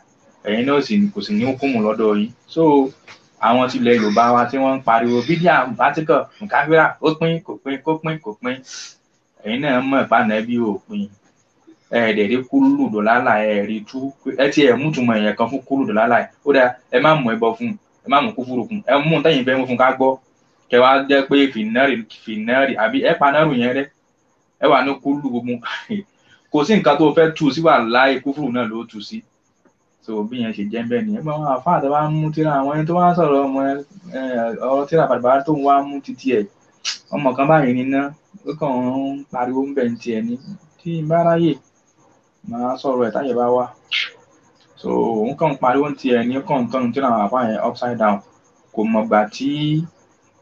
ẹ̀yin náà sì kò sì ní hukumu lọ́dọ̀ yìí so àwọn tilẹ̀ Yorùbá wa tí wọ́n ń pariwo bídíà bátíkọ̀ nǹkan fíra ó pín kò pín kó pín kò pín ẹ̀yin náà mọ̀ ìpànà ẹbí ò pín ẹ dẹ̀ rí kúlù dọ̀là là ẹ rí tú ẹ ti ẹ̀ mú tùmọ̀ kan fún dọ̀là ẹ ó dà ẹ má mú fún ẹ má mú kúfúrú kún ẹ mú tẹ̀yìn bẹ́ẹ̀ mú fún ká gbọ́ kẹ wá jẹ́ pé fìnnárì fìnnárì àbí ẹ panárù yẹn rẹ ẹ wà ní kúlù gbogbo kò sí nǹkan tó fẹ́ tù sí wà láì náà ló so bí yẹn ṣe jẹ́ bẹ́ẹ̀ mú àwọn ẹni tó wá sọ̀rọ̀ ọmọ ọ̀rọ̀ bàbá tó ń wá mú títí kan báyìí ó màá sọ̀rọ̀ ẹ̀ táyẹ̀ bá wà so òun kàn ń pariwo ti ẹ̀ ní kọ̀ǹtọ̀n tí àwọn àbá yẹn upside down kò mọ̀gbà tí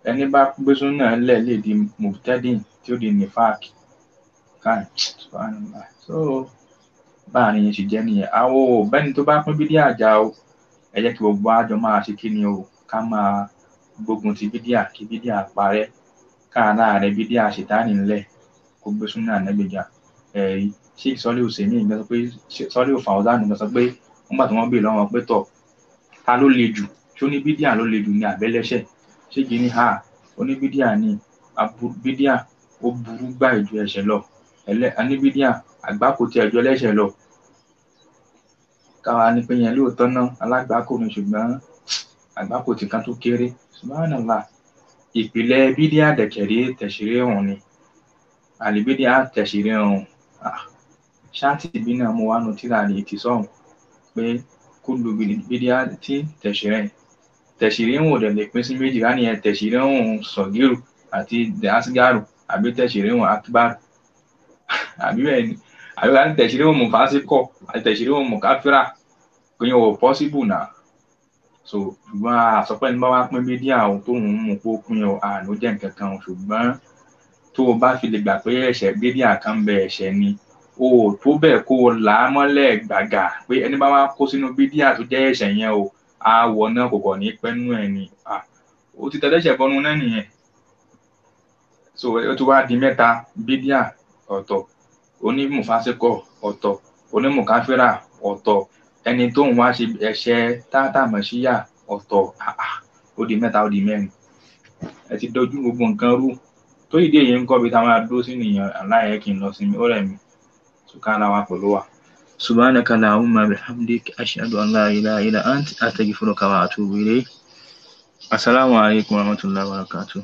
ẹni bá gbé súnà lẹ̀ lè di mubtadin tí ó di nifak kan so báàrin yẹn ṣe jẹ́ nìyẹn àwọn ò bẹ́ni tó bá pín bídíà àjà o ẹ jẹ́ kí gbogbo àjọ máa ṣe kí ni o ká máa gbógun ti bídíà kí bídíà parẹ́ káà láàárẹ̀ bídíà ṣètánì ńlẹ̀ kó gbé súnà nẹ́gbẹ̀já ẹ̀rí ṣé ìsọ́lé òsèmí ìgbà sọ pé sọ́lé òfàwọ́dánù ìgbà sọ pé nígbà tí wọ́n bè lọ́wọ́ pé tọ̀ ta ló le jù ṣé oníbídíà ló le jù ní àbẹ́lẹ́ṣẹ̀ ṣé gini ha oníbídíà ni bídíà ó burú gbà ju ẹ̀ṣẹ̀ lọ oníbídíà àgbákò tí ẹjọ́ ẹlẹ́ṣẹ̀ lọ káwa ni pé yẹn lóòótọ́ náà alágbákò ni ṣùgbọ́n àgbákò ti kan tó kéré subhanallah ìpìlẹ̀ bídíà dẹ̀kẹ̀rẹ́ tẹ̀sírí ni àlìbídíà tẹ̀sírí ọ̀hún ah ṣáàtìbí náà mo wá nu tíra ní ti sọ́hùn pé kó lu bídíà tí tẹ̀sírẹ̀ tẹ̀sírẹ̀ ń wò dẹ̀ lè pín sí méjì rání ẹ̀ tẹ̀sírẹ̀ ń sọ̀gírù àti dẹ́ásígárù àbí tẹ̀sírẹ̀ ń akíbárù àbí bẹ́ẹ̀ ni àbí wà ní tẹ̀sírẹ̀ ń mú fásikọ̀ àti tẹ̀sírẹ̀ ń mú káfírà kò yẹn wò pọ́síbù náà so ṣùgbọ́n àsọpẹ́ ní bá wá pín bídíà ohun tó ń mú kó pín ọ àánú jẹ́ nǹkan kan ṣùgbọ́n tó o bá fi lè gbà pé ẹ̀ṣẹ̀ bídíà kan bẹ ẹ̀ṣẹ̀ ni o ò tó bẹ́ẹ̀ kó o là á mọ́lẹ̀ gbàgà pé ẹni bá wá kó sínú bídíà tó jẹ́ ẹ̀ṣẹ̀ yẹn o àwọ̀ náà kò kọ̀ ní pẹ́nu ẹ̀ ni ó ti tẹ̀lẹ́ṣẹ̀ bọnu náà nìyẹn so ó ti wá di mẹ́ta bídíà ọ̀tọ̀ onímùfásíkọ̀ ọ̀tọ̀ onímùkáfírà ọ̀tọ̀ ẹni tó ń wá ṣe ẹ̀ṣẹ̀ tátàmọ̀ṣíyà ọ̀tọ̀ ó di mẹ́ta ó di mẹ́rin ẹ ti dojú gbogbo nǹkan rú tó ìdí èyí ń kọ́ bí táwọn adó sí nìyẹn aláìyẹ kì í lọ sinmi ó rẹ̀ mí. subhanahu wa ta'ala subhanaka la umma bihamdik ashhadu an la ilaha illa ant astaghfiruka wa atubu ilayk assalamu alaikum wa rahmatullahi wa barakatuh